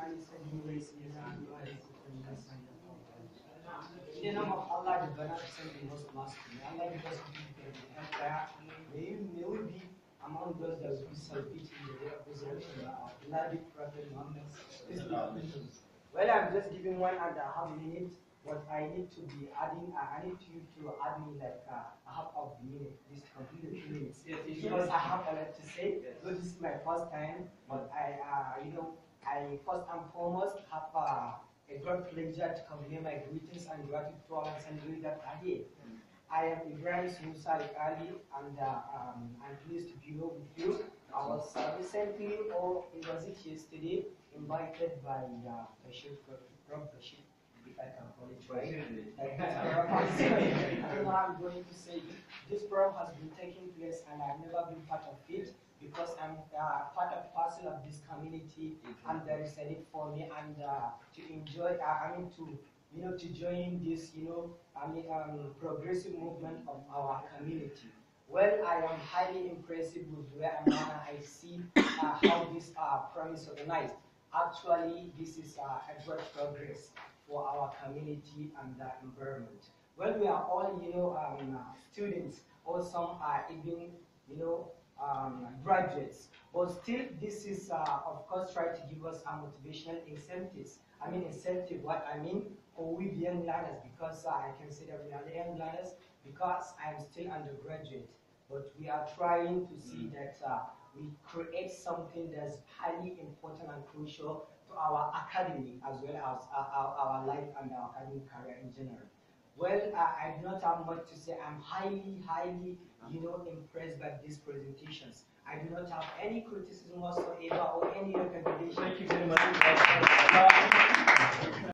prophet Well, I'm just giving one and a half minute. What I need to be adding, uh, I need you to add me like uh, a half of the minute, this complete minutes. Because I have a lot to say. So this is my first time, but I, uh, you know, I first and foremost have uh, a great pleasure to convey my greetings and gratitude to all and sundry that are here. I am Ibrahim Musa Ali, and uh, um, I'm pleased to be here with you. I was uh, recently, or it was it yesterday, invited by uh, from the Bashir, if I can call it right. I am going to say This program has been taking place, and I've never been part of it. I'm uh, part of parcel of this community, mm-hmm. and there is a need for me and uh, to enjoy. Uh, I mean to you know to join this you know I mean um, progressive movement of our community. Well, I am highly impressed with where I'm at, I see uh, how this uh, promise organized. Actually, this is a great progress for our community and the environment. Well, we are all, you know, um, students, or some are even, you know, um, graduates. But still, this is, uh, of course, try to give us a motivational incentives. I mean, incentive, what I mean, for we the young learners, because uh, I consider we are the young learners, because I am still undergraduate. But we are trying to see mm. that uh, we create something that's highly important and crucial to our academy as well as our, uh, our, our life and our academic career in general. Well, I, I do not have much to say. I'm highly, highly, you know, impressed by these presentations. I do not have any criticism whatsoever or any recommendation. Thank you very much.